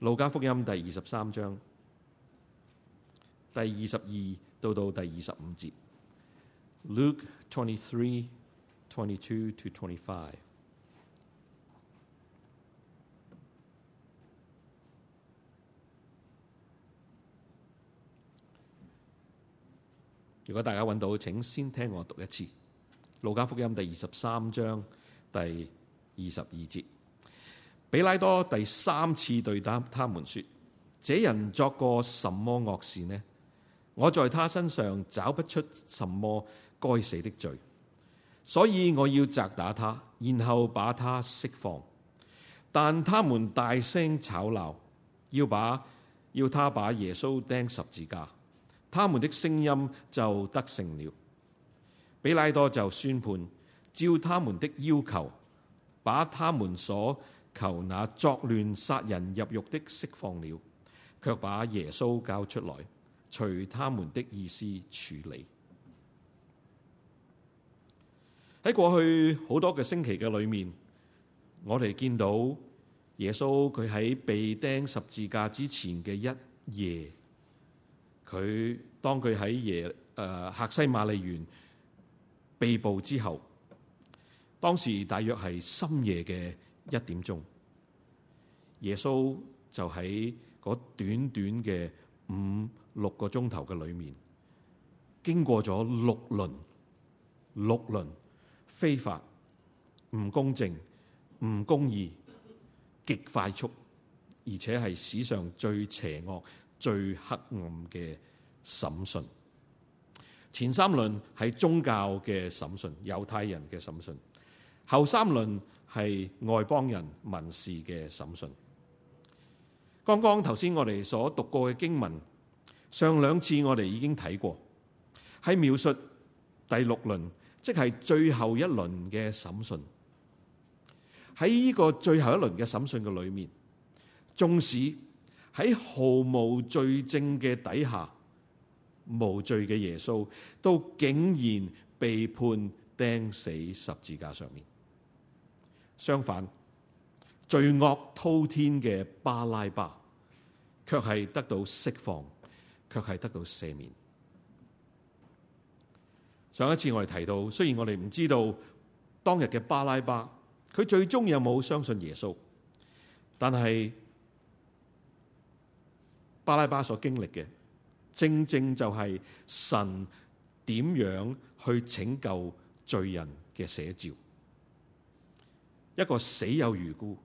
路加福音第二十三章第二十二到到第二十五節。Luke twenty three twenty two to twenty five。如果大家揾到，請先聽我讀一次，路加福音第二十三章第二十二節。比拉多第三次對他們說：這人作過什麼惡事呢？我在他身上找不出什麼該死的罪，所以我要責打他，然後把他釋放。但他們大聲吵鬧，要把要他把耶穌釘十字架。他們的聲音就得勝了。比拉多就宣判，照他們的要求，把他們所。求那作亂殺人入獄的釋放了，卻把耶穌交出來，隨他們的意思處理。喺過去好多個星期嘅裏面，我哋見到耶穌佢喺被釘十字架之前嘅一夜，佢當佢喺耶誒客西馬利園被捕之後，當時大約係深夜嘅一點鐘，耶穌就喺短短嘅五六個鐘頭嘅裏面，經過咗六輪，六輪非法、唔公正、唔公義，極快速，而且係史上最邪惡、最黑暗嘅審訊。前三輪係宗教嘅審訊，猶太人嘅審訊，後三輪。係外邦人民事嘅審訊。剛剛頭先我哋所讀過嘅經文，上兩次我哋已經睇過，喺描述第六輪，即係最後一輪嘅審訊。喺呢個最後一輪嘅審訊嘅裏面，縱使喺毫無罪證嘅底下，無罪嘅耶穌都竟然被判釘死十字架上面。相反，罪惡滔天嘅巴拉巴，卻係得到釋放，卻係得到赦免。上一次我哋提到，雖然我哋唔知道當日嘅巴拉巴，佢最終有冇相信耶穌，但係巴拉巴所經歷嘅，正正就係神點樣去拯救罪人嘅寫照。一個死有餘辜、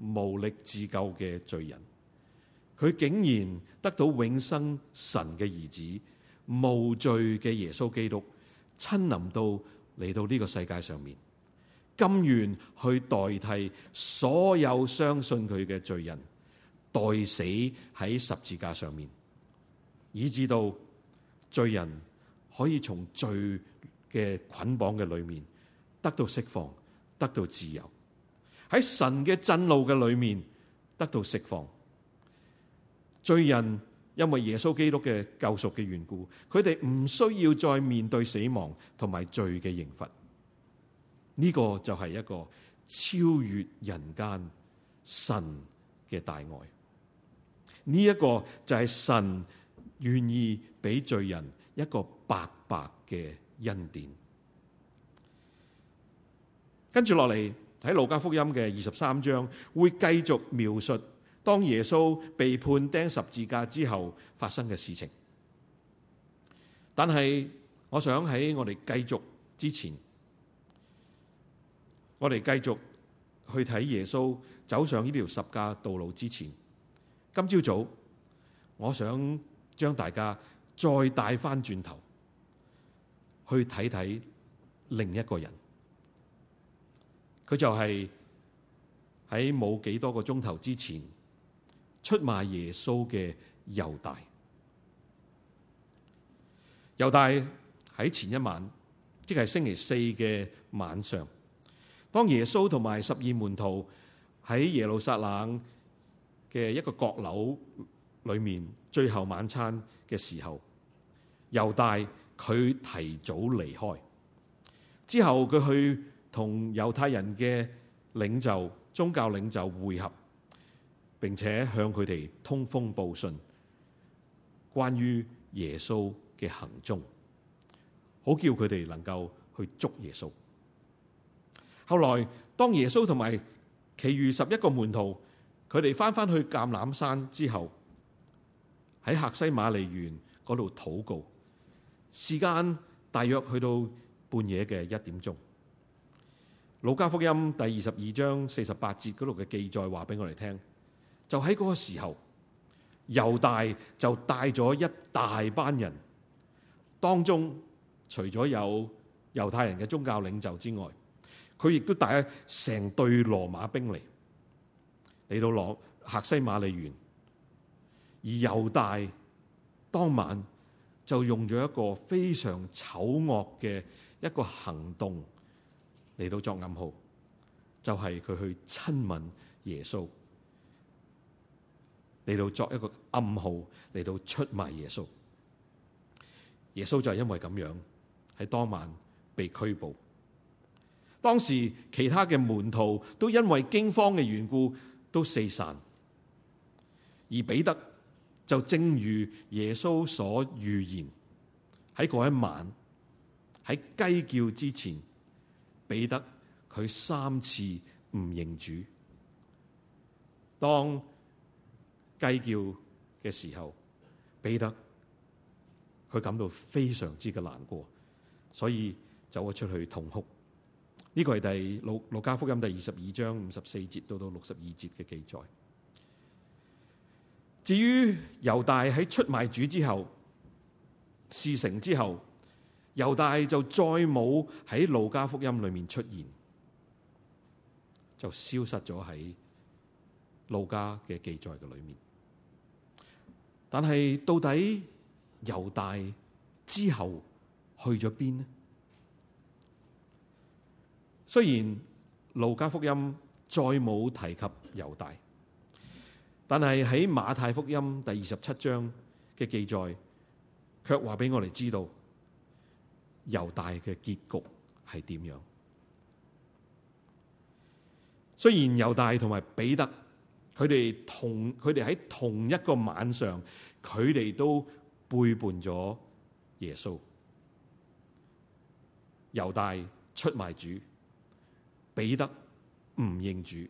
無力自救嘅罪人，佢竟然得到永生神嘅兒子、無罪嘅耶穌基督親臨到嚟到呢個世界上面，甘願去代替所有相信佢嘅罪人代死喺十字架上面，以至到罪人可以從罪嘅捆綁嘅裏面得到釋放，得到自由。喺神嘅震怒嘅裏面得到釋放，罪人因為耶穌基督嘅救贖嘅緣故，佢哋唔需要再面對死亡同埋罪嘅刑罰。呢、這個就係一個超越人間神嘅大愛。呢、這、一個就係神願意俾罪人一個白白嘅恩典。跟住落嚟。喺路加福音嘅二十三章，會繼續描述當耶穌被判釘十字架之後發生嘅事情。但係，我想喺我哋繼續之前，我哋繼續去睇耶穌走上呢條十架道路之前，今朝早、早，我想將大家再帶翻轉頭去睇睇另一個人。佢就係喺冇幾多個鐘頭之前出賣耶穌嘅猶大。猶大喺前一晚，即係星期四嘅晚上，當耶穌同埋十二門徒喺耶路撒冷嘅一個閣樓裏面最後晚餐嘅時候，猶大佢提早離開，之後佢去同猶太人嘅領袖、宗教領袖會合，並且向佢哋通風報信，關於耶穌嘅行蹤，好叫佢哋能夠去捉耶穌。後來，當耶穌同埋其餘十一個門徒，佢哋返返去橄欖山之後，喺客西馬尼園嗰度禱告，時間大約去到半夜嘅一點鐘。《路加福音》第二十二章四十八節嗰度嘅記載話俾我哋聽，就喺嗰個時候，猶大就帶咗一大班人，當中除咗有猶太人嘅宗教領袖之外，佢亦都帶咗成隊羅馬兵嚟，嚟到客西馬尼園，而猶大當晚就用咗一個非常醜惡嘅一個行動。嚟到作暗號，就係佢去親吻耶穌，嚟到作一個暗號，嚟到出賣耶穌。耶穌就係因為咁樣，喺當晚被拘捕。當時其他嘅門徒都因為驚慌嘅緣故，都四散。而彼得就正如耶穌所預言，喺嗰一晚，喺雞叫之前。彼得佢三次唔認主，當雞叫嘅時候，彼得佢感到非常之嘅難過，所以走咗出去痛哭。呢個係第六《路加福音》第二十二章五十四節到到六十二節嘅記載。至於猶大喺出賣主之後，事成之後。猶大就再冇喺路加福音裏面出現，就消失咗喺路加嘅記載嘅裏面。但係到底猶大之後去咗邊呢？雖然路加福音再冇提及猶大，但係喺馬太福音第二十七章嘅記載，卻話俾我哋知道。猶大嘅結局係點樣？雖然猶大同埋彼得，佢哋同佢哋喺同一個晚上，佢哋都背叛咗耶穌。猶大出賣主，彼得唔認主，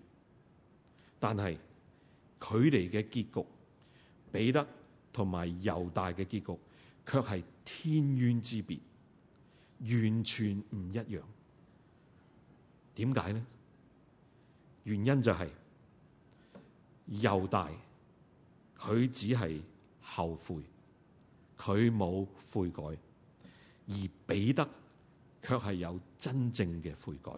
但係佢哋嘅結局，彼得同埋猶大嘅結局，卻係天淵之別。完全唔一樣，點解呢？原因就係、是、猶大佢只係後悔，佢冇悔改，而彼得卻係有真正嘅悔改。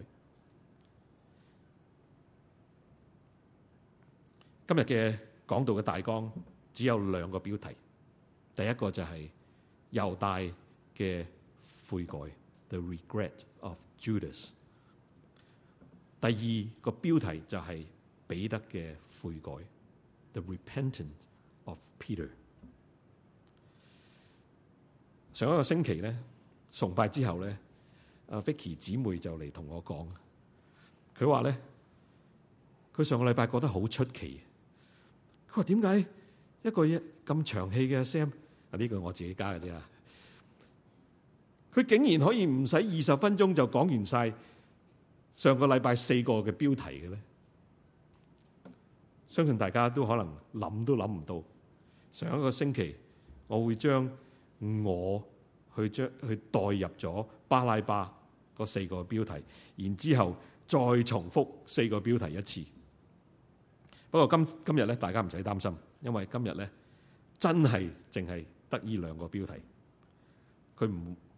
今日嘅講道嘅大綱只有兩個標題，第一個就係猶大嘅。悔改，the regret of Judas。第二個標題就係彼得嘅悔改，the repentance of Peter。上一個星期咧，崇拜之後咧，阿 Vicky 姊妹就嚟同我講，佢話咧，佢上個禮拜覺得好出奇，佢話點解一個咁長氣嘅 Sam，啊呢個我自己加嘅啫。佢竟然可以唔使二十分鐘就講完晒。上個禮拜四個嘅標題嘅咧，相信大家都可能諗都諗唔到。上一個星期，我會將我去將去代入咗巴拉巴嗰四個標題，然之後再重複四個標題一次。不過今今日咧，大家唔使擔心，因為今日咧真係淨係得呢兩個標題，佢唔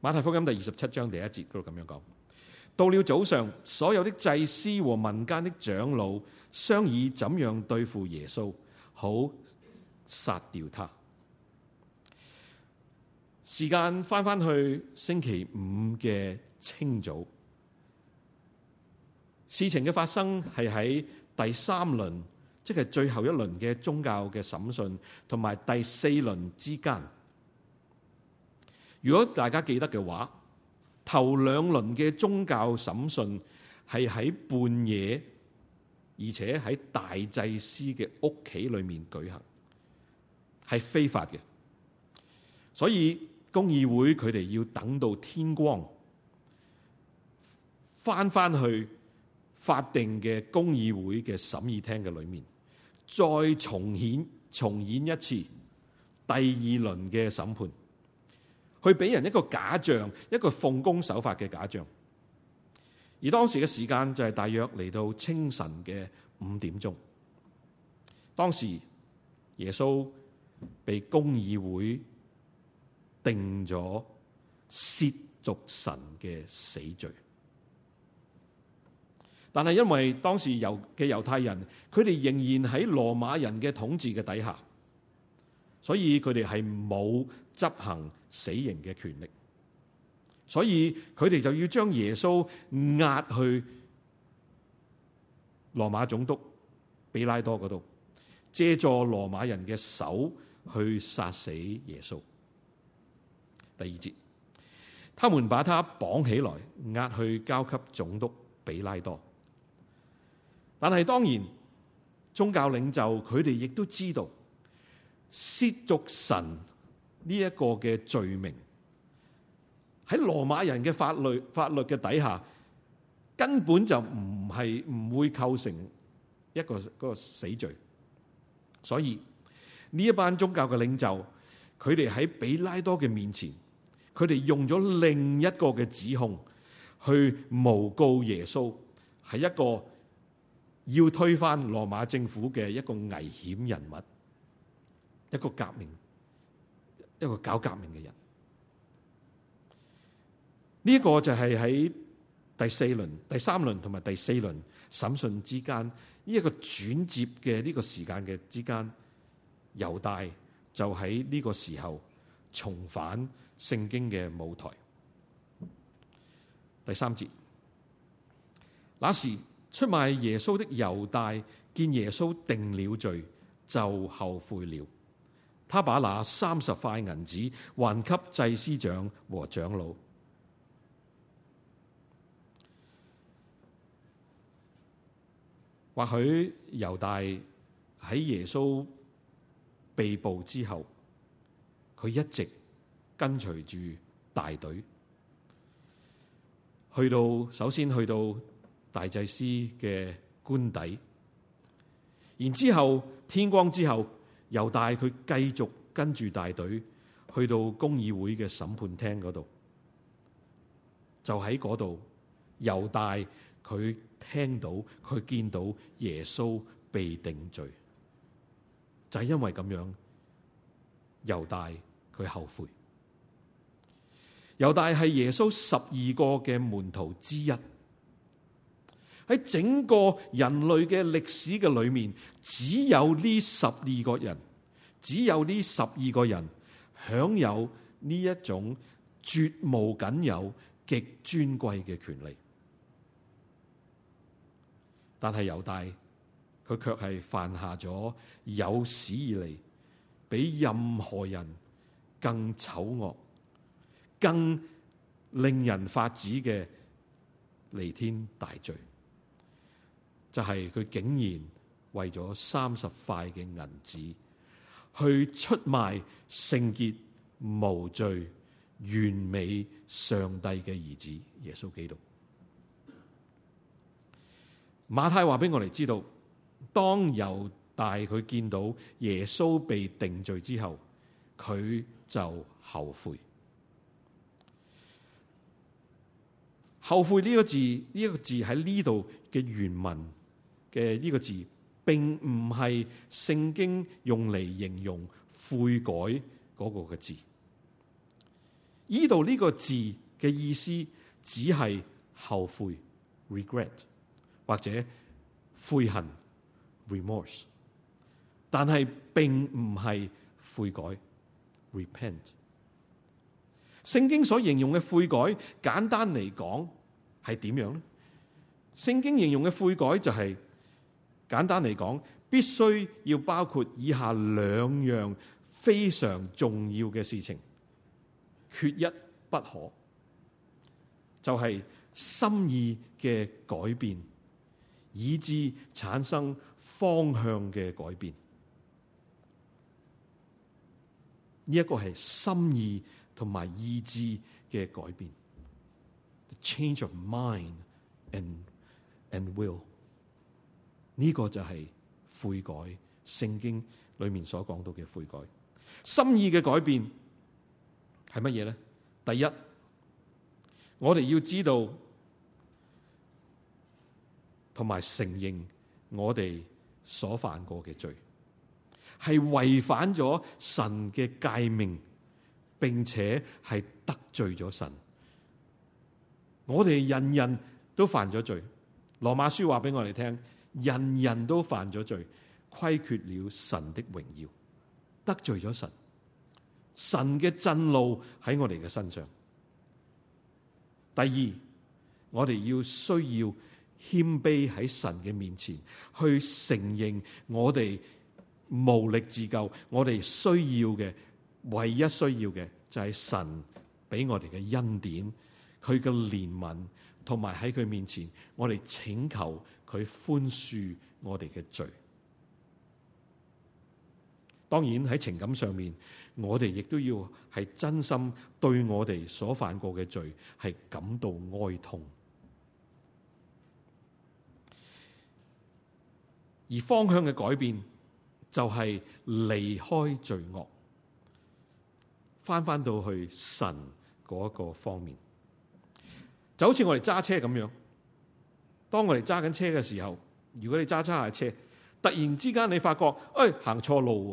馬太福音第二十七章第一節都咁樣講。到了早上，所有的祭司和民間的長老商議怎樣對付耶穌，好殺掉他。時間翻返去星期五嘅清早，事情嘅發生係喺第三輪，即、就是最後一輪嘅宗教嘅審訊，同埋第四輪之間。如果大家記得嘅話，頭兩輪嘅宗教審訊係喺半夜，而且喺大祭司嘅屋企裏面舉行，係非法嘅。所以公議會佢哋要等到天光，返返去法定嘅公議會嘅審議廳嘅裏面，再重演重演一次第二輪嘅審判。去俾人一個假象，一個奉公守法嘅假象。而當時嘅時間就係大約嚟到清晨嘅五點鐘。當時耶穌被公議會定咗褻瀆神嘅死罪，但係因為當時猶嘅猶太人，佢哋仍然喺羅馬人嘅統治嘅底下，所以佢哋係冇執行死刑嘅權力，所以佢哋就要將耶穌押去羅馬總督比拉多嗰度，借助羅馬人嘅手去殺死耶穌。第二節，他們把他綁起來，押去交給總督比拉多。但係當然，宗教領袖佢哋亦都知道，褻瀆神。呢一個嘅罪名喺羅馬人嘅法律法律嘅底下，根本就唔係唔會構成一個個死罪。所以呢一班宗教嘅領袖，佢哋喺比拉多嘅面前，佢哋用咗另一個嘅指控去誣告耶穌係一個要推翻羅馬政府嘅一個危險人物，一個革命。一個搞革命嘅人，呢、這個就係喺第四輪、第三輪同埋第四輪審訊之間，呢、這、一個轉折嘅呢個時間嘅之間，猶大就喺呢個時候重返聖經嘅舞台。第三節，那時出賣耶穌的猶大見耶穌定了罪，就後悔了。他把那三十塊銀子還給祭司長和長老。或許猶大喺耶穌被捕之後，佢一直跟隨住大隊，去到首先去到大祭司嘅官邸，然之後天光之後。猶大佢繼續跟住大隊去到公議會嘅審判廳嗰度，就喺嗰度，猶大佢聽到佢見到耶穌被定罪，就係、是、因為咁樣，猶大佢後悔。猶大係耶穌十二個嘅門徒之一。喺整個人類嘅歷史嘅裏面，只有呢十二個人，只有呢十二個人享有呢一種絕無僅有極尊貴嘅權利。但係猶大，佢卻係犯下咗有史以嚟比任何人更醜惡、更令人髮指嘅彌天大罪。就係、是、佢竟然為咗三十塊嘅銀子，去出賣聖潔無罪完美上帝嘅兒子耶穌基督。馬太話俾我哋知道，當猶大佢見到耶穌被定罪之後，佢就後悔。後悔呢個字呢、呢個字喺呢度嘅原文，嘅呢個字，並唔係聖經用嚟形容悔改嗰個嘅字。依度呢個字嘅意思，只係後悔 （regret） 或者悔恨 （remorse），但係並唔係悔改 （repent）。聖經所形容嘅悔改，簡單嚟講係點樣咧？聖經形容嘅悔改就係、是。簡單嚟講，必須要包括以下兩樣非常重要嘅事情，缺一不可。就係、是、心意嘅改變，以致產生方向嘅改變。呢、這、一個係心意同埋意志嘅改變。The change of mind and and will。呢、這個就係悔改，聖經裏面所講到嘅悔改，心意嘅改變係乜嘢咧？第一，我哋要知道，同埋承認我哋所犯過嘅罪，係違反咗神嘅誡命，並且係得罪咗神。我哋人人都犯咗罪，《羅馬書》話俾我哋聽。人人都犯咗罪，虧缺了神的榮耀，得罪咗神，神嘅震怒喺我哋嘅身上。第二，我哋要需要謙卑喺神嘅面前，去承認我哋無力自救，我哋需要嘅，唯一需要嘅，就係神俾我哋嘅恩典，佢嘅憐憫。同埋喺佢面前，我哋請求佢寬恕我哋嘅罪。當然喺情感上面，我哋亦都要係真心對我哋所犯過嘅罪係感到哀痛。而方向嘅改變就係、是、離開罪惡，翻翻到去神嗰個方面。就好似我哋揸車咁樣，當我哋揸緊車嘅時候，如果你揸揸下車，突然之間你發覺，哎行錯路啊！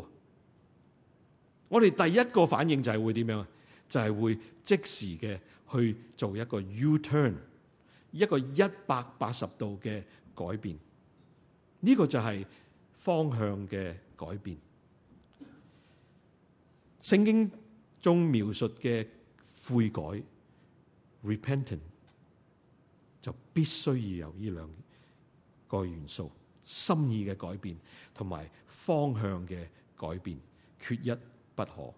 我哋第一個反應就係會點樣？就係、是、會即時嘅去做一個 U-turn，一個一百八十度嘅改變。呢、這個就係方向嘅改變。聖經中描述嘅悔改 （repentant）。就必須要有呢兩個元素，心意嘅改變同埋方向嘅改變，缺一不可。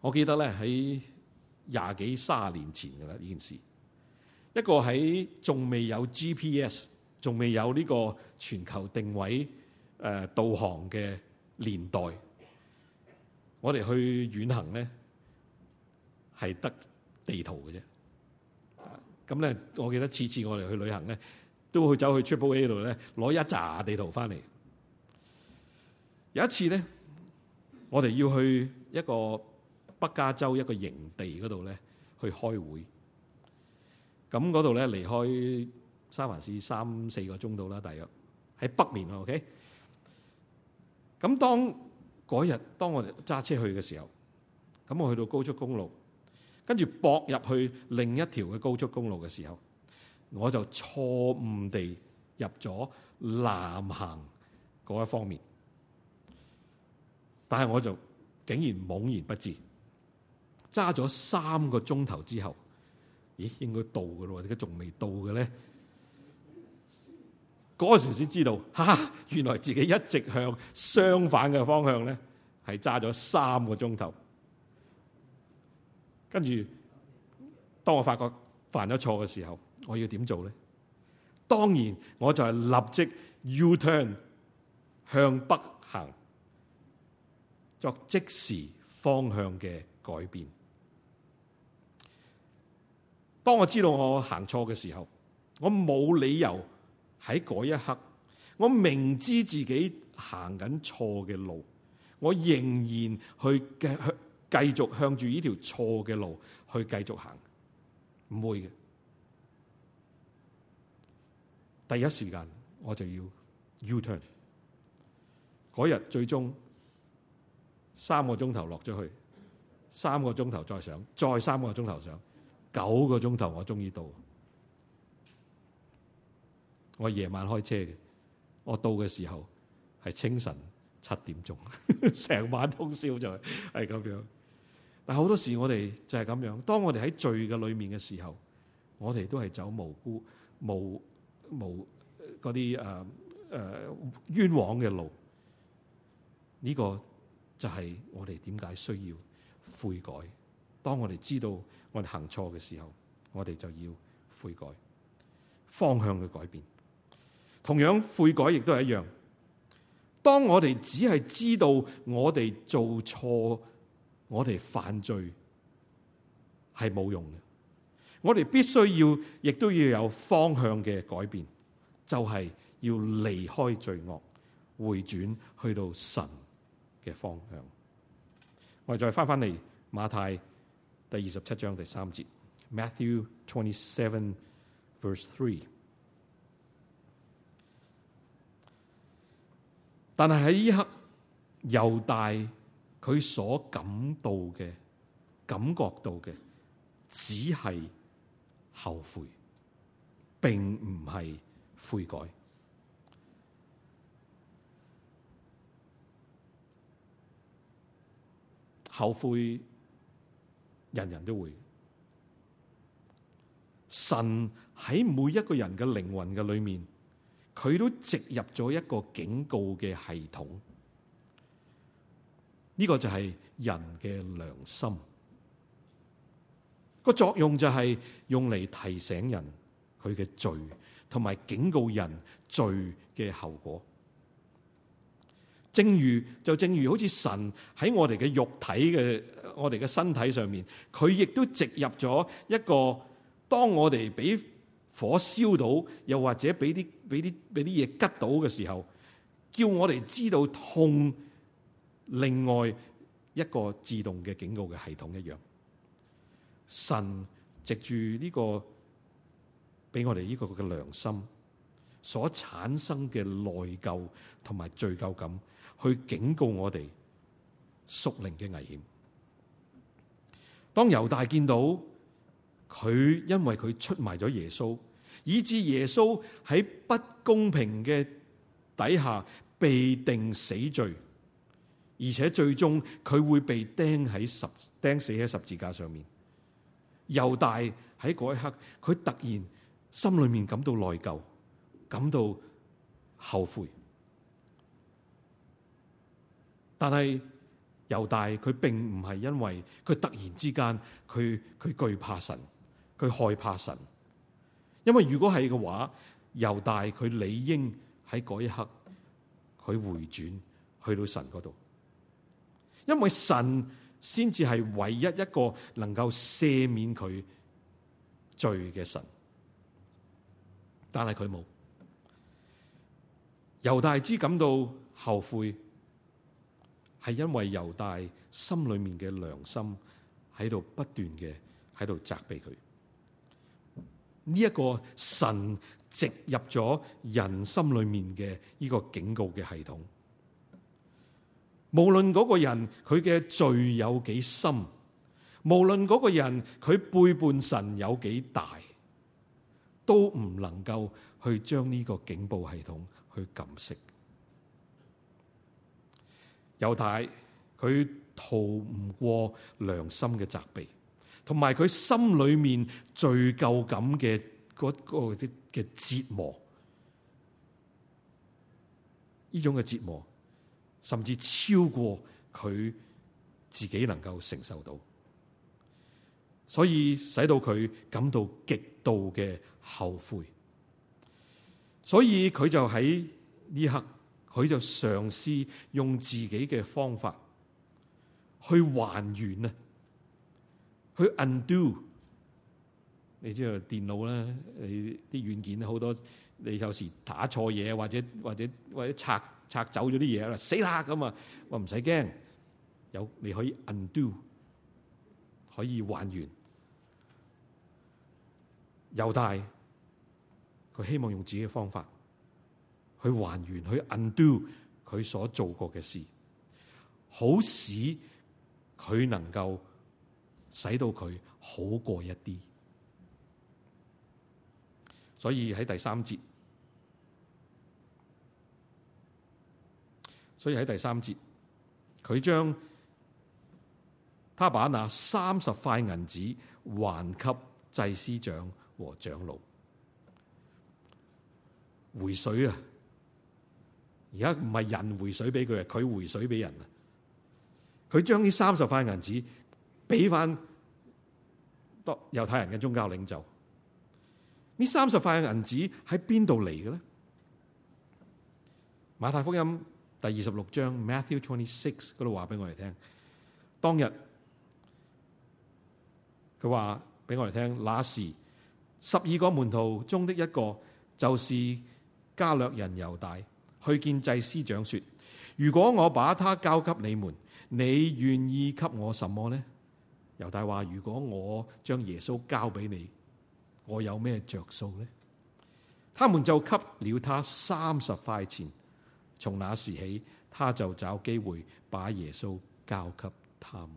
我記得咧喺廿幾卅年前噶啦，呢件事一個喺仲未有 GPS，仲未有呢個全球定位誒導航嘅年代，我哋去遠行咧係得地圖嘅啫。咁咧，我記得次次我哋去旅行咧，都會走去 Triple A 度咧攞一紮地圖翻嚟。有一次咧，我哋要去一個北加州一個營地嗰度咧去開會。咁嗰度咧離開三藩市三四個鐘度啦，大約喺北面。OK。咁當嗰日當我哋揸車去嘅時候，咁我去到高速公路。跟住駁入去另一條嘅高速公路嘅時候，我就錯誤地入咗南行嗰一方面，但係我就竟然懵然不知，揸咗三個鐘頭之後，咦？應該到嘅咯，點解仲未到嘅咧？嗰時先知道，哈、啊！原來自己一直向相反嘅方向咧，係揸咗三個鐘頭。跟住，當我發覺犯咗錯嘅時候，我要點做呢？當然，我就係立即 U turn，向北行，作即時方向嘅改變。當我知道我行錯嘅時候，我冇理由喺嗰一刻，我明知自己行緊錯嘅路，我仍然去。去繼續向住呢條錯嘅路去繼續行，唔會嘅。第一時間我就要 U turn。嗰日最終三個鐘頭落咗去，三個鐘頭再上，再三個鐘頭上，九個鐘頭我終於到。我夜晚開車嘅，我到嘅時候係清晨七點鐘，成晚通宵就係咁樣。但好多時我哋就係咁樣，當我哋喺罪嘅裏面嘅時候，我哋都係走無辜、無無嗰啲誒誒冤枉嘅路。呢個就係我哋點解需要悔改。當我哋知道我哋行錯嘅時候，我哋就要悔改，方向嘅改變。同樣悔改亦都係一樣。當我哋只係知道我哋做錯。我哋犯罪係冇用嘅，我哋必須要，亦都要有方向嘅改變，就係、是、要離開罪惡，回轉去到神嘅方向。我哋再翻翻嚟馬太第二十七章第三節，Matthew twenty seven verse three。但係喺呢刻猶大。佢所感到嘅、感覺到嘅，只係後悔，並唔係悔改。後悔人人都會。神喺每一個人嘅靈魂嘅裏面，佢都植入咗一個警告嘅系統。呢、這個就係人嘅良心，個作用就係用嚟提醒人佢嘅罪，同埋警告人罪嘅後果。正如就正如好似神喺我哋嘅肉體嘅我哋嘅身體上面，佢亦都植入咗一個，當我哋俾火燒到，又或者俾啲俾啲俾啲嘢吉到嘅時候，叫我哋知道痛。另外一個自動嘅警告嘅系統一樣，神藉住呢、這個俾我哋呢個嘅良心所產生嘅內疚同埋罪疚感，去警告我哋屬靈嘅危險。當猶大見到佢因為佢出賣咗耶穌，以致耶穌喺不公平嘅底下被定死罪。而且最終佢會被釘喺十，釘死喺十字架上面。猶大喺嗰一刻，佢突然心裏面感到內疚，感到後悔。但係猶大佢並唔係因為佢突然之間，佢佢懼怕神，佢害怕神。因為如果係嘅話，猶大佢理應喺嗰一刻，佢回轉去到神嗰度。因為神先至係唯一一個能夠赦免佢罪嘅神，但係佢冇。猶大之感到後悔，係因為猶大心裏面嘅良心喺度不斷嘅喺度責備佢。呢一個神植入咗人心裏面嘅呢個警告嘅系統。無論嗰個人佢嘅罪有幾深，無論嗰個人佢背叛神有幾大，都唔能夠去將呢個警報系統去撳熄。猶太佢逃唔過良心嘅責備，同埋佢心裡面罪疚感嘅嗰啲嘅折磨，呢種嘅折磨，甚至超過佢自己能夠承受到，所以使到佢感到極度嘅後悔。所以佢就喺呢一刻，佢就嘗試用自己嘅方法去還原啊，去 undo。你知道電腦咧，你啲軟件好多，你有時打錯嘢，或者或者或者拆。拆走咗啲嘢啦，死啦咁啊！我唔使驚，有你可以 undo，可以還原。猶大佢希望用自己嘅方法去還原，去 undo 佢所做過嘅事，好使佢能夠使到佢好過一啲。所以喺第三節。所以喺第三節，佢將他把那三十塊銀紙還給祭司長和長老，回水啊！而家唔係人回水俾佢，係佢回水俾人啊！佢將呢三十塊銀紙俾翻猶太人嘅宗教領袖。呢三十塊銀紙喺邊度嚟嘅咧？馬太福音。第二十六章 Matthew twenty six 嗰度，話俾我哋聽，當日佢話俾我哋聽，那時十二個門徒中的一個，就是加略人猶大，去見祭司長說：如果我把他交給你們，你願意給我什麼呢？猶大話：如果我將耶穌交俾你，我有咩着數呢？他們就給了他三十塊錢。從那時起，他就找機會把耶穌交給他們。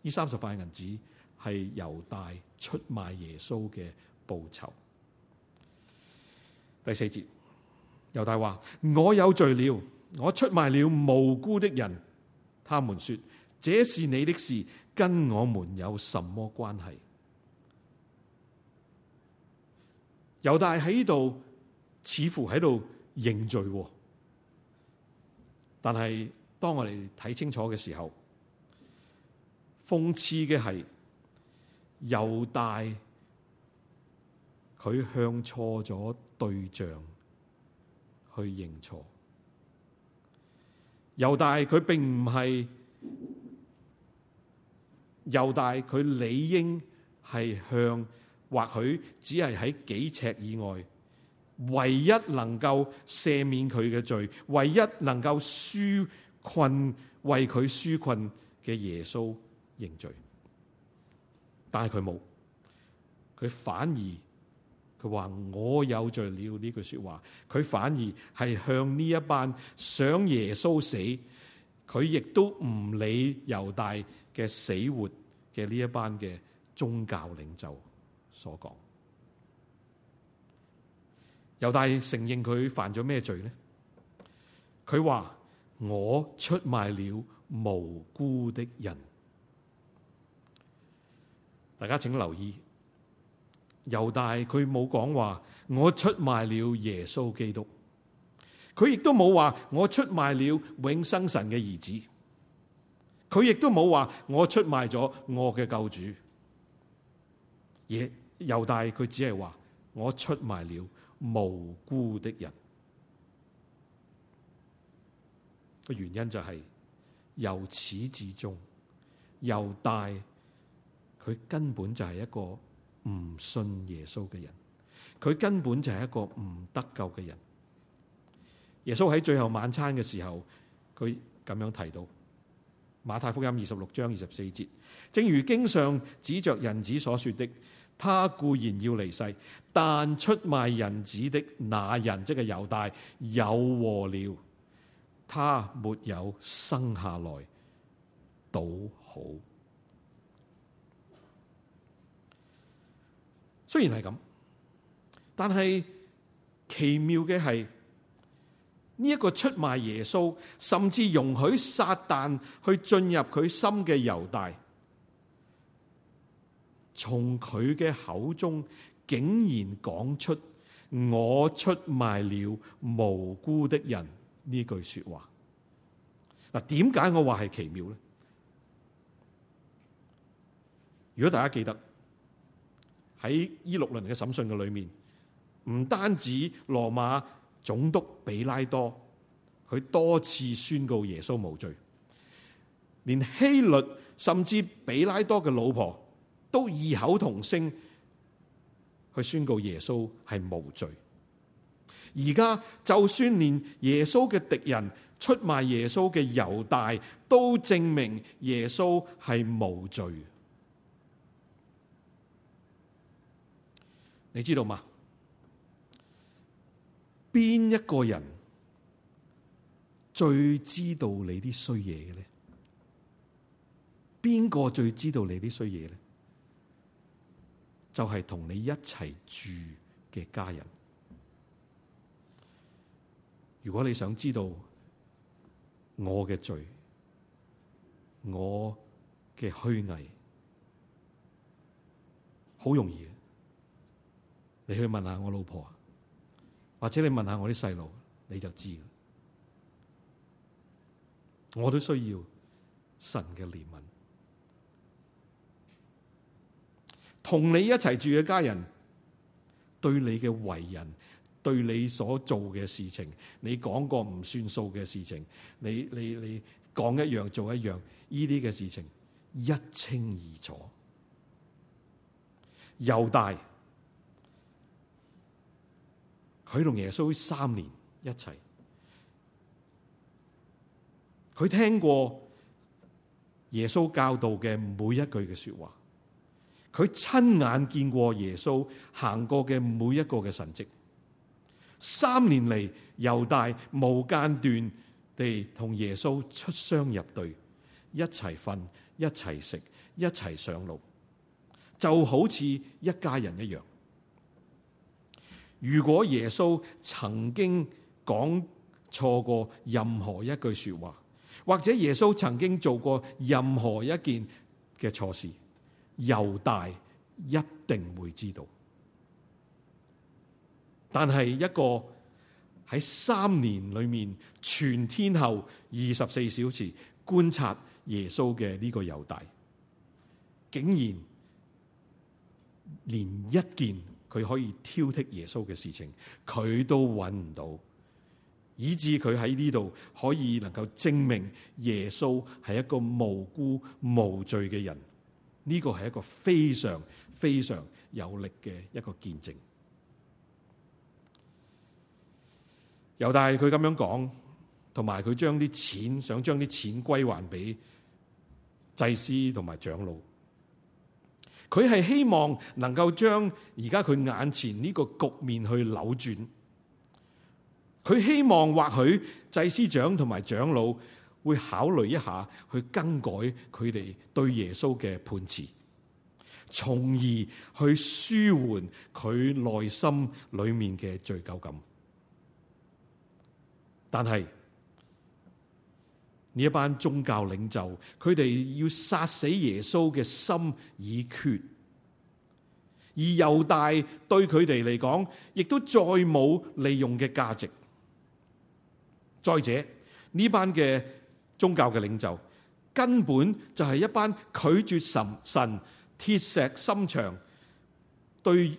呢三十塊銀紙係猶大出賣耶穌嘅報酬。第四節，猶大話：我有罪了，我出賣了無辜的人。他們說：這是你的事，跟我們有什麼關係？猶大喺度，似乎喺度。認罪，但係當我哋睇清楚嘅時候，諷刺嘅係猶大佢向錯咗對象去認錯，猶大佢並唔係猶大佢理應係向，或許只係喺幾尺以外。唯一能夠赦免佢嘅罪，唯一能夠紓困為佢紓困嘅耶穌認罪，但係佢冇，佢反而佢話我有罪了呢句說話，佢反而係向呢一班想耶穌死，佢亦都唔理猶大嘅死活嘅呢一班嘅宗教領袖所講。猶大承認佢犯咗咩罪呢？佢話我出賣了無辜的人，大家請留意，猶大佢冇講話我出賣了耶穌基督，佢亦都冇話我出賣了永生神嘅兒子，佢亦都冇話我出賣咗我嘅救主，而猶大佢只係話我出賣了我。無辜的人，個原因就係、是、由始至終，猶大佢根本就係一個唔信耶穌嘅人，佢根本就係一個唔得救嘅人。耶穌喺最後晚餐嘅時候，佢咁樣提到馬太福音二十六章二十四節，正如經上指着人子所說的。他固然要離世，但出賣人子的那人，即係猶大，有禍了。他沒有生下來，倒好。雖然係咁，但係奇妙嘅係呢一個出賣耶穌，甚至容許撒旦去進入佢心嘅猶大，從佢嘅口中竟然講出我出賣了無辜的人呢句說話嗱，點解我話係奇妙咧？如果大家記得喺呢六輪嘅審訊嘅裏面，唔單止羅馬總督彼拉多，佢多次宣告耶穌無罪，連希律甚至彼拉多嘅老婆。都異口同聲去宣告耶穌係無罪。而家就算連耶穌嘅敵人出賣耶穌嘅猶大，都證明耶穌係無罪。你知道嗎？邊一個人最知道你啲衰嘢嘅咧？邊個最知道你啲衰嘢咧？就係同你一齊住嘅家人。如果你想知道我嘅罪，我嘅虛偽，好容易。你去問下我老婆，或者你問下我啲細路，你就知。我都需要神嘅憐憫。同你一齊住嘅家人，對你嘅為人，對你所做嘅事情，你講過唔算數嘅事情，你你你，你講一樣做一樣，呢啲嘅事情一清二楚。猶大，佢同耶穌三年一齊，佢聽過耶穌教導嘅每一句嘅說話。佢親眼見過耶穌行過嘅每一個嘅神蹟，三年嚟猶大無間斷地同耶穌出雙入對，一齊瞓，一齊食，一齊上路，就好似一家人一樣。如果耶穌曾經講錯過任何一句說話，或者耶穌曾經做過任何一件嘅錯事。猶大一定會知道，但係一個喺三年裏面全天候二十四小時觀察耶穌嘅呢個猶大，竟然連一件佢可以挑剔耶穌嘅事情，佢都揾唔到，以致佢喺呢度可以能夠證明耶穌係一個無辜無罪嘅人。呢個係一個非常非常有力嘅一個見證。猶大佢咁樣講，同埋佢將啲錢想將啲錢歸還俾祭司同埋長老，佢係希望能夠將而家佢眼前呢個局面去扭轉。佢希望或許祭司長同埋長老，會考慮一下去更改佢哋對耶穌嘅判詞，從而去舒緩佢內心裏面嘅罪疚感。但係呢一班宗教領袖，佢哋要殺死耶穌嘅心已決，而猶大對佢哋嚟講，亦都再冇利用嘅價值。再者，呢班嘅宗教嘅領袖根本就係一班拒絕神神鐵石心腸，對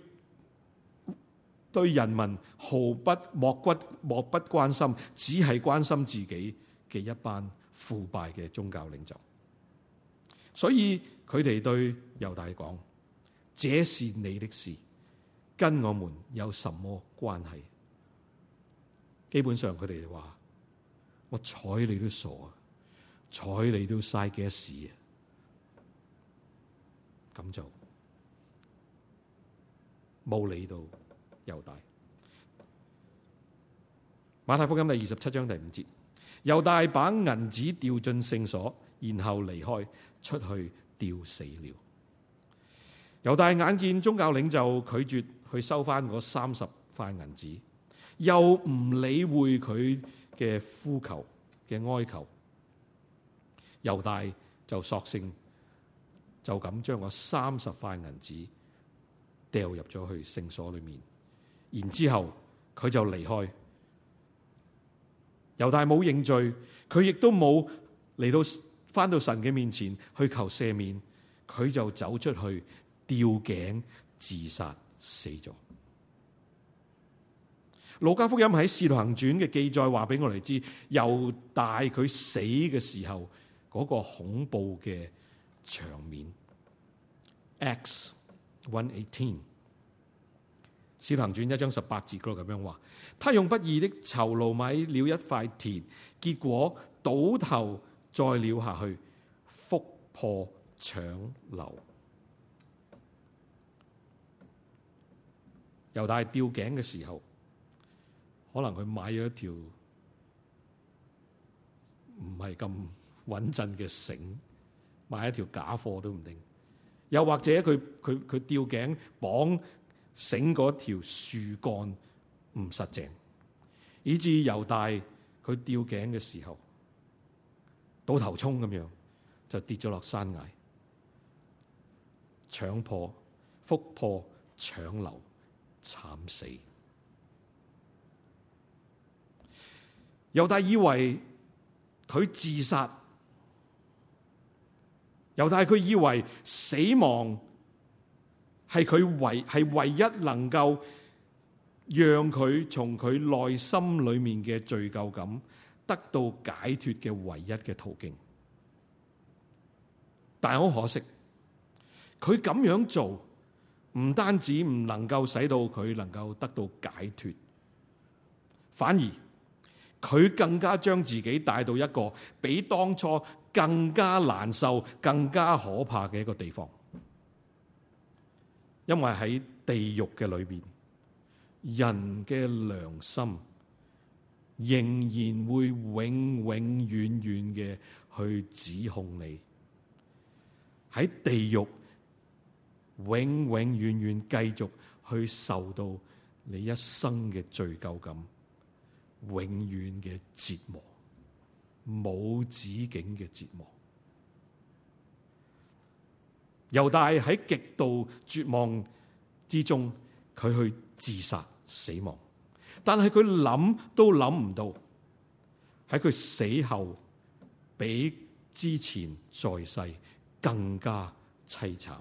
對人民毫不莫骨漠不關心，只係關心自己嘅一班腐敗嘅宗教領袖。所以佢哋對猶大講：這是你的事，跟我們有什麼關係？基本上佢哋話：我睬你都傻。睬你都嘥幾多屎啊！咁就冇理到猶大。馬太福音第二十七章第五節，猶大把銀紙掉進聖所，然後離開出去吊死了。猶大眼見宗教領袖拒絕去收翻嗰三十塊銀紙，又唔理會佢嘅呼求嘅哀求。猶大就索性就咁將嗰三十塊銀子掉入咗去聖所裏面，然之後佢就離開。猶大冇認罪，佢亦都冇嚟到翻到神嘅面前去求赦免，佢就走出去吊頸自殺死咗。《路加福音》喺《使徒行傳》嘅記載話俾我哋知，猶大佢死嘅時候。嗰、那個恐怖嘅場面，X one eighteen《行傳》一章十八字嗰度咁樣話，他用不義的酬勞買了一塊田，結果倒頭栽了下去，腹破腸流。猶大吊頸嘅時候，可能佢買咗一條唔係咁穩陣嘅繩，買一條假貨都唔定，又或者佢佢佢吊頸綁繩嗰條樹幹唔實淨，以致猶大佢吊頸嘅時候倒頭衝咁樣，就跌咗落山崖，腸破腹破腸流慘死。猶大以為佢自殺。猶大佢以為死亡係佢唯係唯一能夠讓佢從佢內心裏面嘅罪疚感得到解脫嘅唯一嘅途徑，但係好可惜，佢咁樣做唔單止唔能夠使到佢能夠得到解脫，反而佢更加將自己帶到一個比當初。更加難受、更加可怕嘅一個地方，因為喺地獄嘅裏邊，人嘅良心仍然會永永遠遠嘅去指控你，喺地獄永永遠遠繼續去受到你一生嘅罪疚感，永遠嘅折磨。冇止境嘅折磨，猶大喺極度絕望之中，佢去自殺死亡，但係佢諗都諗唔到，喺佢死後比之前在世更加淒慘，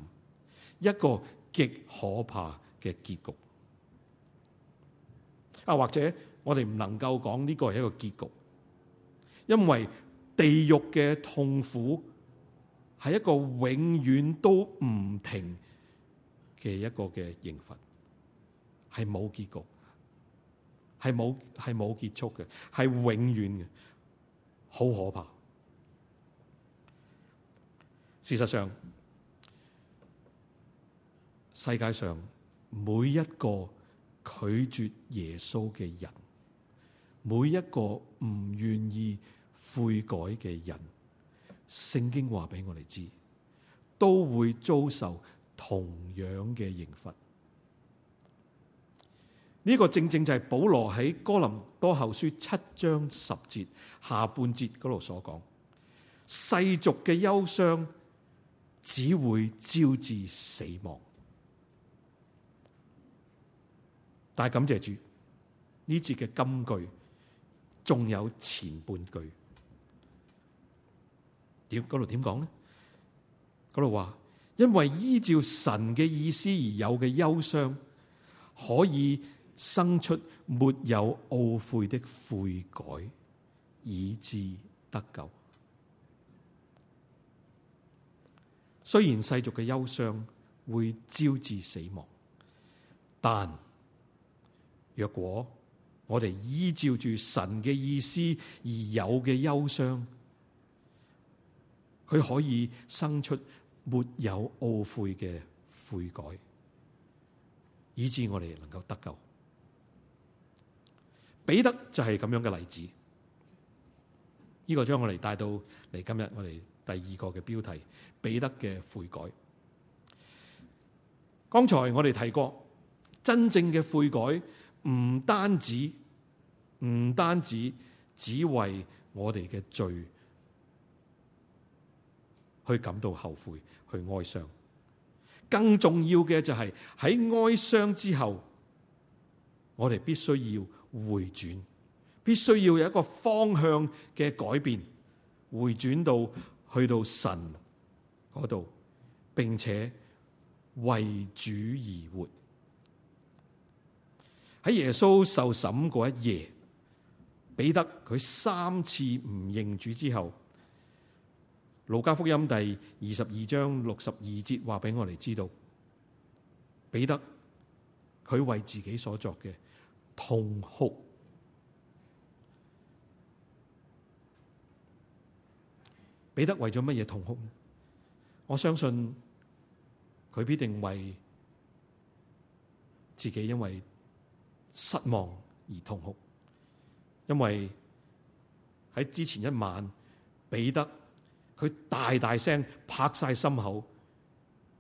一個極可怕嘅結局。啊，或者我哋唔能夠講呢個係一個結局。因為地獄嘅痛苦係一個永遠都唔停嘅一個嘅刑罰，係冇結局，係冇係冇結束嘅，係永遠嘅，好可怕。事實上，世界上每一個拒絕耶穌嘅人，每一個唔願意。悔改嘅人，聖經話俾我哋知，都會遭受同樣嘅刑罰。呢個正正就係保羅喺哥林多後書七章十節下半節嗰度所講：世俗嘅憂傷只會招致死亡。但係感謝主，呢節嘅金句仲有前半句。點嗰度點講呢？嗰度話，因為依照神嘅意思而有嘅憂傷，可以生出沒有懊悔的悔改，以致得救。雖然世俗嘅憂傷會招致死亡，但若果我哋依照住神嘅意思而有嘅憂傷。佢可以生出沒有懊悔嘅悔改，以致我哋能夠得救。彼得就係咁樣嘅例子，呢個將我哋帶到嚟今日，我哋第二個嘅標題：彼得嘅悔改。剛才我哋提過，真正嘅悔改唔單止，唔單止只為我哋嘅罪。去感到後悔，去哀傷。更重要嘅就係喺哀傷之後，我哋必須要回轉，必須要有一個方向嘅改變，回轉到去到神嗰度，並且為主而活。喺耶穌受審嗰一夜，彼得佢三次唔認主之後。路加福音第二十二章六十二節話俾我哋知道，彼得佢為自己所作嘅痛哭。彼得為咗乜嘢痛哭呢？我相信佢必定為自己因為失望而痛哭，因為喺之前一晚，彼得。佢大大聲拍晒心口，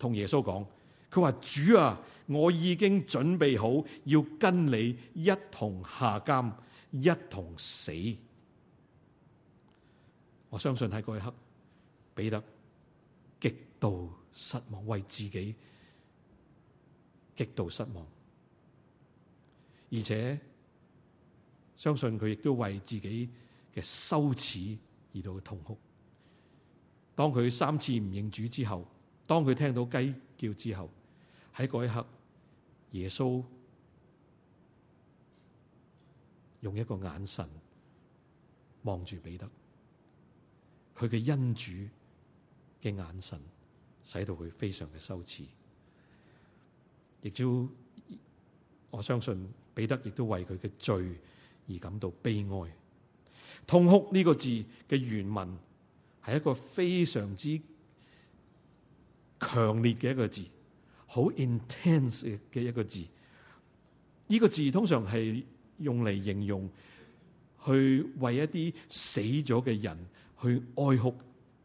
同耶穌講：佢話主啊，我已經準備好要跟你一同下監，一同死。我相信喺嗰一刻，彼得極度失望，為自己極度失望，而且相信佢亦都為自己嘅羞恥而到嘅痛哭。當佢三次唔認主之後，當佢聽到雞叫之後，喺嗰一刻，耶穌用一個眼神望住彼得，佢嘅恩主嘅眼神，使到佢非常嘅羞恥，亦都我相信彼得亦都為佢嘅罪而感到悲哀，痛哭呢個字嘅原文。係一個非常之強烈嘅一個字，好 intense 嘅一個字。呢個字通常係用嚟形容，去為一啲死咗嘅人去哀哭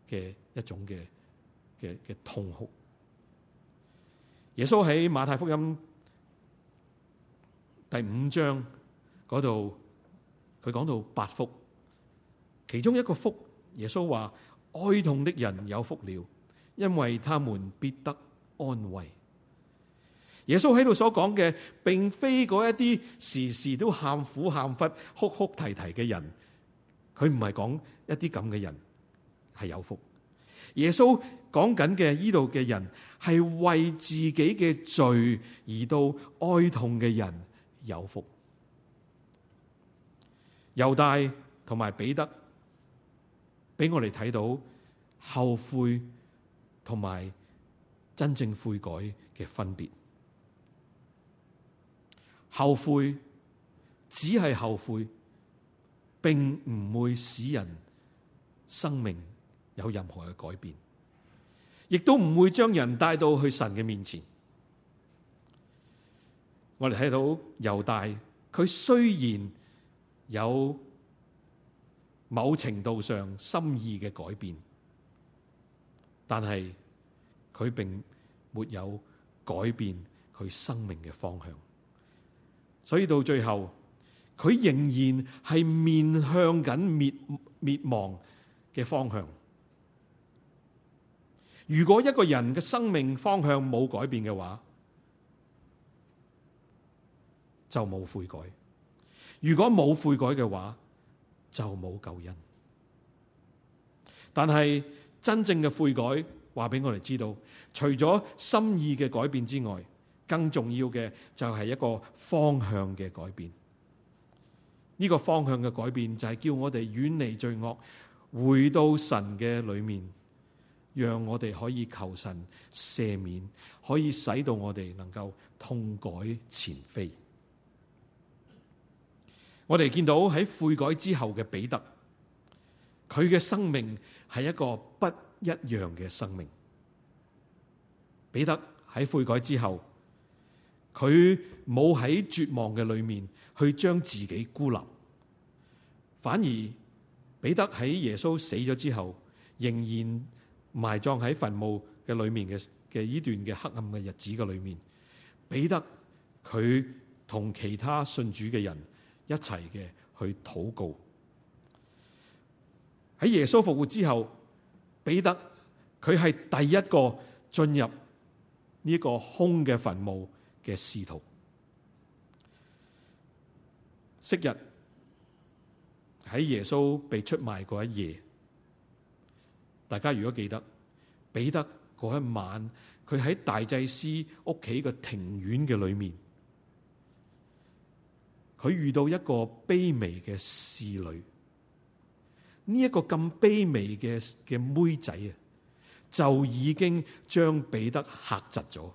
嘅一種嘅嘅嘅痛哭。耶穌喺馬太福音第五章嗰度，佢講到八福，其中一個福，耶穌話。哀痛的人有福了，因為他們必得安慰。耶穌喺度所講嘅，並非嗰一啲時時都喊苦喊忽、哭哭啼啼嘅人，佢唔係講一啲咁嘅人係有福。耶穌講緊嘅呢度嘅人，係為自己嘅罪而到哀痛嘅人有福。猶大同埋彼得。俾我哋睇到後悔同埋真正悔改嘅分別。後悔只係後悔，並唔會使人生命有任何嘅改變，亦都唔會將人帶到去神嘅面前。我哋睇到猶大，佢雖然有。某程度上心意嘅改變，但係佢並沒有改變佢生命嘅方向，所以到最後，佢仍然係面向緊滅滅亡嘅方向。如果一個人嘅生命方向冇改變嘅話，就冇悔改；如果冇悔改嘅話，就冇救恩。但係真正嘅悔改，話俾我哋知道，除咗心意嘅改變之外，更重要嘅就係一個方向嘅改變。呢個方向嘅改變，就係叫我哋遠離罪惡，回到神嘅裏面，讓我哋可以求神赦免，可以使到我哋能夠痛改前非。我哋見到喺悔改之後嘅彼得，佢嘅生命係一個不一樣嘅生命。彼得喺悔改之後，佢冇喺絕望嘅裏面去將自己孤立，反而彼得喺耶穌死咗之後，仍然埋葬喺墳墓嘅裏面嘅嘅呢段嘅黑暗嘅日子嘅裏面，彼得佢同其他信主嘅人。一齊嘅去禱告。喺耶穌復活之後，彼得佢係第一個進入呢個空嘅墳墓嘅使徒。昔日喺耶穌被出賣嗰一夜，大家如果記得，彼得嗰一晚佢喺大祭司屋企嘅庭院嘅裏面。佢遇到一個卑微嘅侍女，呢、這、一個咁卑微嘅嘅妹仔啊，就已經將彼得嚇窒咗。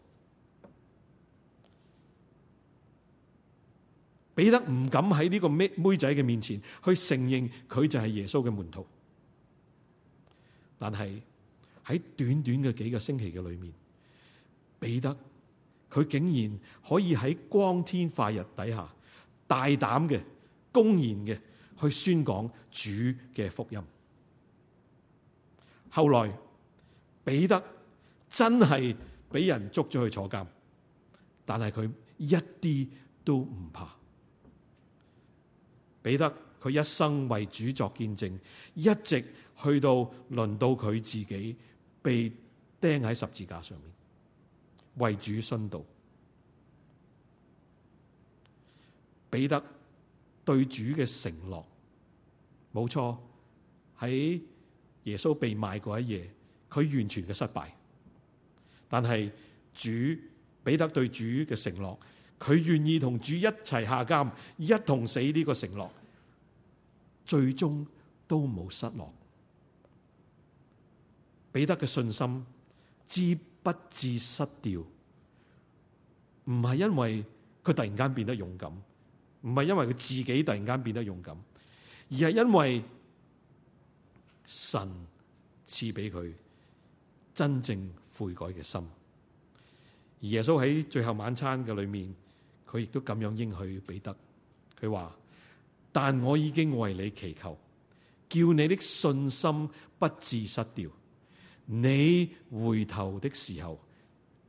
彼得唔敢喺呢個妹妹仔嘅面前去承認佢就係耶穌嘅門徒。但係喺短短嘅幾個星期嘅裏面，彼得佢竟然可以喺光天化日底下。大膽嘅、公然嘅去宣講主嘅福音。後來，彼得真係俾人捉咗去坐監，但係佢一啲都唔怕。彼得佢一生為主作見證，一直去到輪到佢自己被釘喺十字架上面，為主殉道。彼得對主嘅承諾冇錯，喺耶穌被賣嗰一夜，佢完全嘅失敗。但係主彼得對主嘅承諾，佢願意同主一齊下監，一同死呢個承諾，最終都冇失落。彼得嘅信心知不知失掉，唔係因為佢突然間變得勇敢。唔係因為佢自己突然間變得勇敢，而係因為神賜俾佢真正悔改嘅心。而耶穌喺最後晚餐嘅裏面，佢亦都咁樣應許彼得，佢話：但我已經為你祈求，叫你的信心不致失掉。你回頭的時候，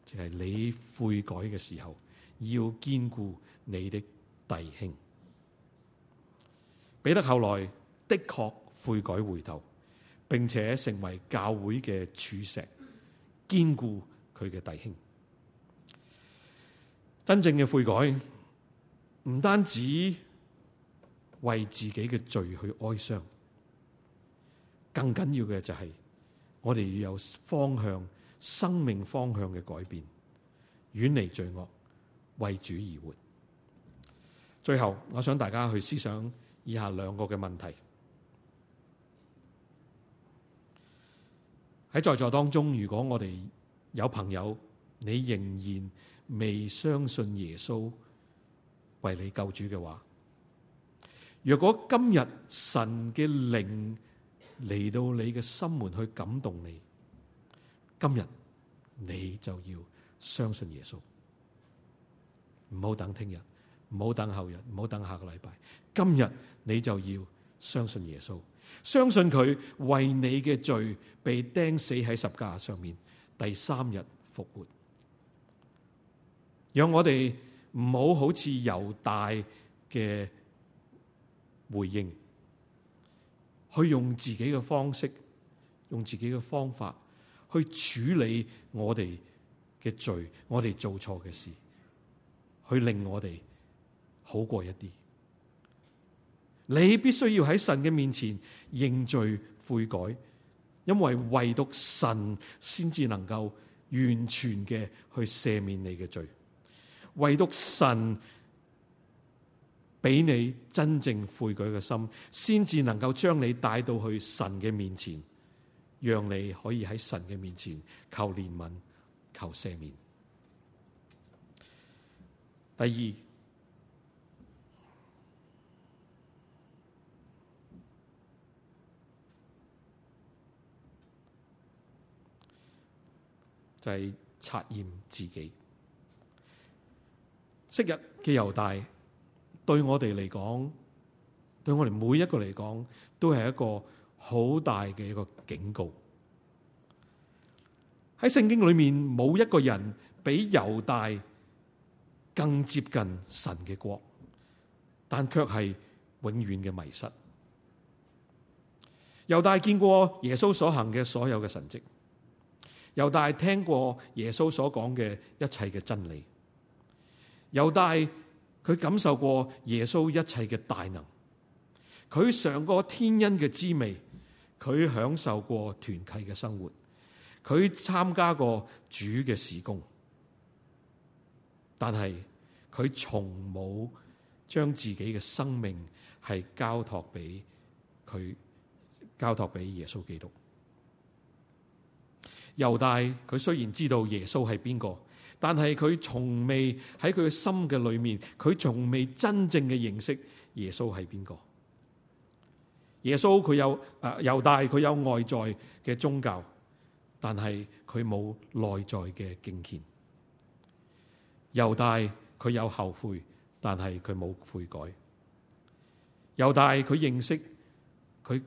就係你悔改嘅時候，要堅固你的。弟兄，彼得後來的確悔改回頭，並且成為教會嘅柱石，堅固佢嘅弟兄。真正嘅悔改唔單止為自己嘅罪去哀傷，更緊要嘅就係我哋要有方向，生命方向嘅改變，遠離罪惡，為主而活。最後，我想大家去思想以下兩個嘅問題。喺在，在座當中，如果我哋有朋友，你仍然未相信耶穌為你救主嘅話，若果今日神嘅靈嚟到你嘅心門去感動你，今日你就要相信耶穌，唔好等聽日。唔好等後日，唔好等下個禮拜，今日你就要相信耶穌，相信佢為你嘅罪被釘死喺十架上面，第三日復活。讓我哋唔好好似猶大嘅回應，去用自己嘅方式，用自己嘅方法去處理我哋嘅罪，我哋做錯嘅事，去令我哋，.好過一啲，你必須要喺神嘅面前認罪悔改，因為唯獨神先至能夠完全嘅去赦免你嘅罪，唯獨神俾你真正悔改嘅心，先至能夠將你帶到去神嘅面前，讓你可以喺神嘅面前求憐憫、求赦免。第二。就係、是、察驗自己，昔日嘅猶大對我哋嚟講，對我哋每一個嚟講，都係一個好大嘅一個警告。喺聖經裏面，冇一個人比猶大更接近神嘅國，但卻係永遠嘅迷失。猶大見過耶穌所行嘅所有嘅神蹟。猶大聽過耶穌所講嘅一切嘅真理，猶大佢感受過耶穌一切嘅大能，佢嘗過天恩嘅滋味，佢享受過團契嘅生活，佢參加過主嘅事工，但係佢從冇將自己嘅生命係交託俾佢，交託俾耶穌基督。猶大佢雖然知道耶穌係邊個，但係佢從未喺佢心嘅裏面，佢從未真正嘅認識耶穌係邊個。耶穌佢有誒猶大佢有外在嘅宗教，但係佢冇內在嘅敬虔。猶大佢有後悔，但係佢冇悔改。猶大佢認識佢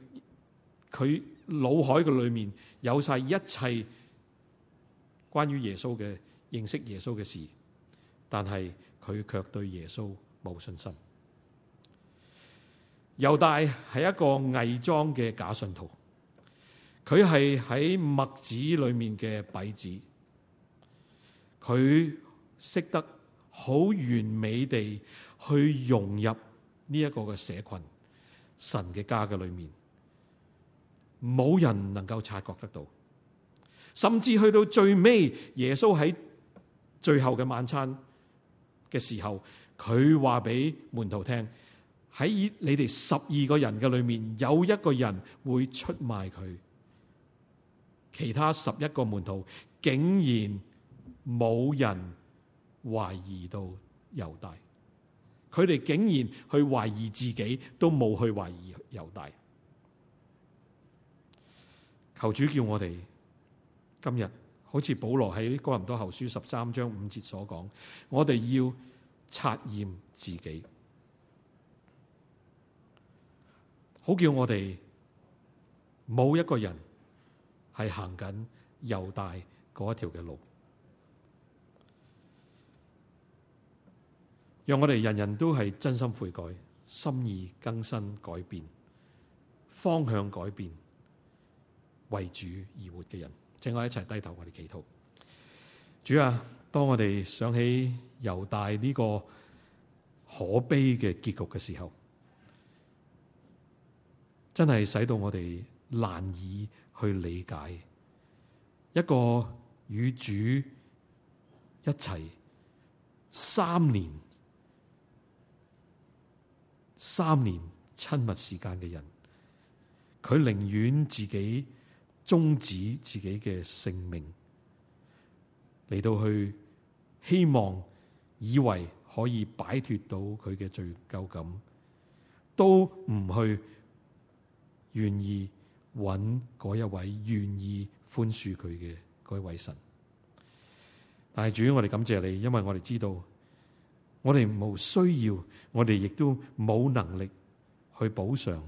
佢。腦海嘅裏面有晒一切關於耶穌嘅認識耶穌嘅事，但係佢卻對耶穌冇信心。猶大係一個偽裝嘅假信徒，佢係喺墨子裏面嘅幣子，佢識得好完美地去融入呢一個嘅社群、神嘅家嘅裏面。冇人能夠察覺得到，甚至去到最尾，耶穌喺最後嘅晚餐嘅時候，佢話俾門徒聽：喺你哋十二個人嘅裏面，有一個人會出賣佢。其他十一個門徒竟然冇人懷疑到猶大，佢哋竟然去懷疑自己，都冇去懷疑猶大。求主叫我哋今日好似保羅喺《哥林多後書》十三章五節所講，我哋要察驗自己，好叫我哋冇一個人係行緊猶大嗰條嘅路，讓我哋人人都係真心悔改、心意更新、改變，方向改變。為主而活嘅人，請我一齊低頭，我哋祈禱。主啊，當我哋想起猶大呢個可悲嘅結局嘅時候，真係使到我哋難以去理解一個與主一齊三年、三年親密時間嘅人，佢寧願自己。終止自己嘅性命嚟到去，希望以為可以擺脫到佢嘅罪疚感，都唔去願意揾嗰一位願意寬恕佢嘅嗰位神。但係主，我哋感謝你，因為我哋知道，我哋冇需要，我哋亦都冇能力去補償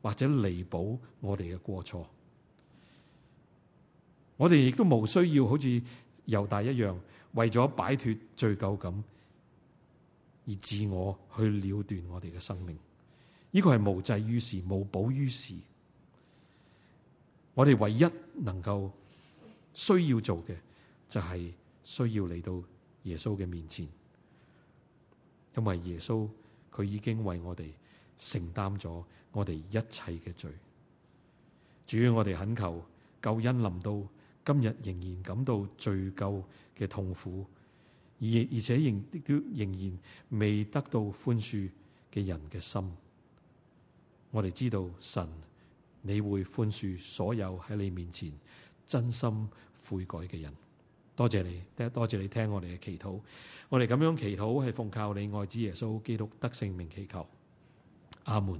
或者彌補我哋嘅過錯。我哋亦都冇需要好似猶大一樣，為咗擺脫罪疚感而自我去了斷我哋嘅生命，呢、這個係無濟於事、無補於事。我哋唯一能夠需要做嘅，就係、是、需要嚟到耶穌嘅面前，因為耶穌佢已經為我哋承擔咗我哋一切嘅罪。主，要我哋懇求，救恩臨到。今日仍然感到罪疚嘅痛苦，而而且仍都仍然未得到寬恕嘅人嘅心，我哋知道神你會寬恕所有喺你面前真心悔改嘅人。多謝你，多謝你聽我哋嘅祈禱，我哋咁樣祈禱係奉靠你愛子耶穌基督嘅聖名祈求，阿門。